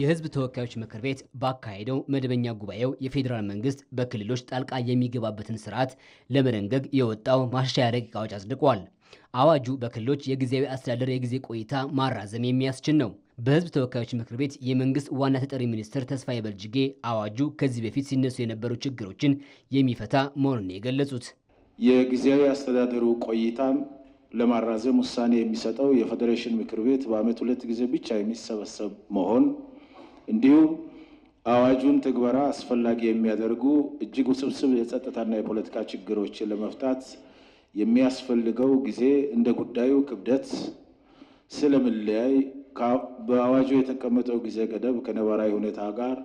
የህዝብ ተወካዮች ምክር ቤት ባካሄደው መደበኛ ጉባኤው የፌዴራል መንግስት በክልሎች ጣልቃ የሚገባበትን ስርዓት ለመደንገግ የወጣው ማሻሻያ ረቂቅ አዋጅ አጽድቋል። አዋጁ በክልሎች የጊዜያዊ አስተዳደር የጊዜ ቆይታ ማራዘም የሚያስችል ነው። በህዝብ ተወካዮች ምክር ቤት የመንግስት ዋና ተጠሪ ሚኒስትር ተስፋዬ በልጅጌ አዋጁ ከዚህ በፊት ሲነሱ የነበሩ ችግሮችን የሚፈታ መሆኑን የገለጹት የጊዜያዊ አስተዳደሩ ቆይታም ለማራዘም ውሳኔ የሚሰጠው የፌዴሬሽን ምክር ቤት በዓመት ሁለት ጊዜ ብቻ የሚሰበሰብ መሆን እንዲሁም አዋጁን ትግበራ አስፈላጊ የሚያደርጉ እጅግ ውስብስብ የጸጥታና የፖለቲካ ችግሮችን ለመፍታት የሚያስፈልገው ጊዜ እንደ ጉዳዩ ክብደት ስለምለያይ በአዋጁ የተቀመጠው ጊዜ ገደብ ከነባራዊ ሁኔታ ጋር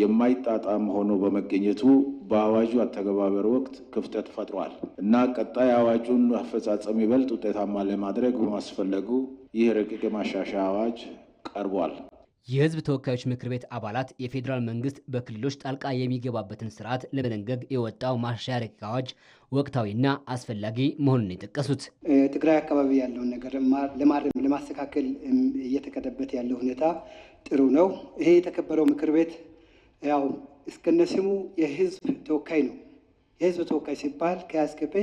የማይጣጣም ሆኖ በመገኘቱ በአዋጁ አተገባበር ወቅት ክፍተት ፈጥሯል እና ቀጣይ አዋጁን አፈጻጸም ይበልጥ ውጤታማ ለማድረግ በማስፈለጉ ይህ ረቂቅ የማሻሻያ አዋጅ ቀርቧል። የህዝብ ተወካዮች ምክር ቤት አባላት የፌዴራል መንግስት በክልሎች ጣልቃ የሚገባበትን ስርዓት ለመደንገግ የወጣው ማሻሻያ ረቂቅ አዋጅ ወቅታዊና አስፈላጊ መሆኑን የጠቀሱት ትግራይ አካባቢ ያለውን ነገር ለማረም ለማስተካከል እየተከደበት ያለው ሁኔታ ጥሩ ነው። ይሄ የተከበረው ምክር ቤት ያው እስከነስሙ የህዝብ ተወካይ ነው። የህዝብ ተወካይ ሲባል ከያስገበ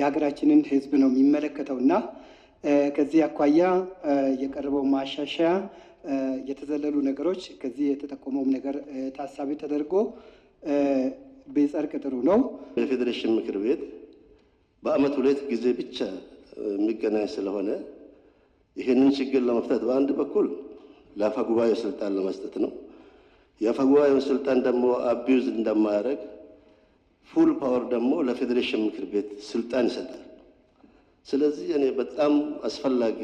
የሀገራችንን ህዝብ ነው የሚመለከተው እና ከዚህ አኳያ የቀረበው ማሻሻያ የተዘለሉ ነገሮች ከዚህ የተጠቆመውም ነገር ታሳቢ ተደርጎ ቢጸድቅ ጥሩ ነው። የፌዴሬሽን ምክር ቤት በዓመት ሁለት ጊዜ ብቻ የሚገናኝ ስለሆነ ይህንን ችግር ለመፍታት በአንድ በኩል ለአፈ ጉባኤው ስልጣን ለመስጠት ነው። የአፈ ጉባኤውን ስልጣን ደግሞ አቢዩዝ እንደማያደርግ ፉል ፓወር ደግሞ ለፌዴሬሽን ምክር ቤት ስልጣን ይሰጣል። ስለዚህ እኔ በጣም አስፈላጊ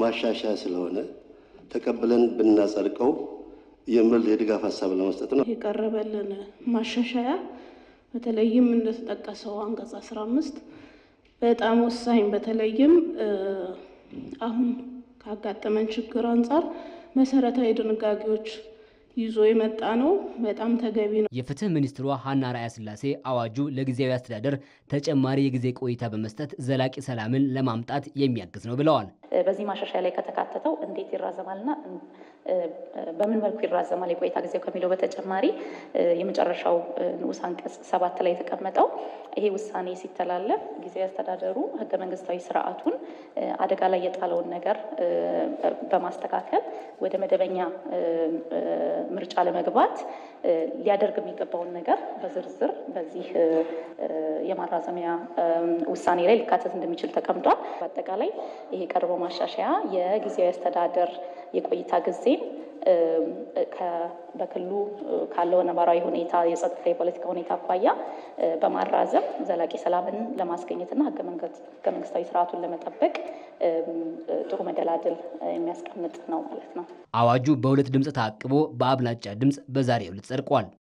ማሻሻያ ስለሆነ ተቀብለን ብናጸድቀው የሚል የድጋፍ ሀሳብ ለመስጠት ነው የቀረበልን ማሻሻያ። በተለይም እንደተጠቀሰው አንቀጽ አስራ አምስት በጣም ወሳኝ በተለይም አሁን ካጋጠመን ችግር አንጻር መሰረታዊ ድንጋጌዎች ይዞ የመጣ ነው። በጣም ተገቢ ነው። የፍትህ ሚኒስትሯ ሀና ራያ ስላሴ አዋጁ ለጊዜያዊ አስተዳደር ተጨማሪ የጊዜ ቆይታ በመስጠት ዘላቂ ሰላምን ለማምጣት የሚያግዝ ነው ብለዋል። በዚህ ማሻሻያ ላይ ከተካተተው እንዴት ይራዘማልና በምን መልኩ ይራዘማል የቆይታ ጊዜው ከሚለው በተጨማሪ የመጨረሻው ንዑስ አንቀጽ ሰባት ላይ የተቀመጠው ይሄ ውሳኔ ሲተላለፍ ጊዜያዊ አስተዳደሩ ህገ መንግስታዊ ስርዓቱን አደጋ ላይ የጣለውን ነገር በማስተካከል ወደ መደበኛ ምርጫ ለመግባት ሊያደርግ የሚገባውን ነገር በዝርዝር በዚህ የማራዘሚያ ውሳኔ ላይ ሊካተት እንደሚችል ተቀምጧል። በአጠቃላይ ይሄ ቀርቦ ማሻሻያ የጊዜያዊ አስተዳደር የቆይታ ጊዜ። በክልሉ ካለው ነባራዊ ሁኔታ የጸጥታ የፖለቲካ ሁኔታ አኳያ በማራዘም ዘላቂ ሰላምን ለማስገኘትና ህገ መንግስታዊ ስርዓቱን ለመጠበቅ ጥሩ መደላድል የሚያስቀምጥ ነው ማለት ነው። አዋጁ በሁለት ድምፅ ታቅቦ በአብላጫ ድምፅ በዛሬ ዕለት ጸድቋል።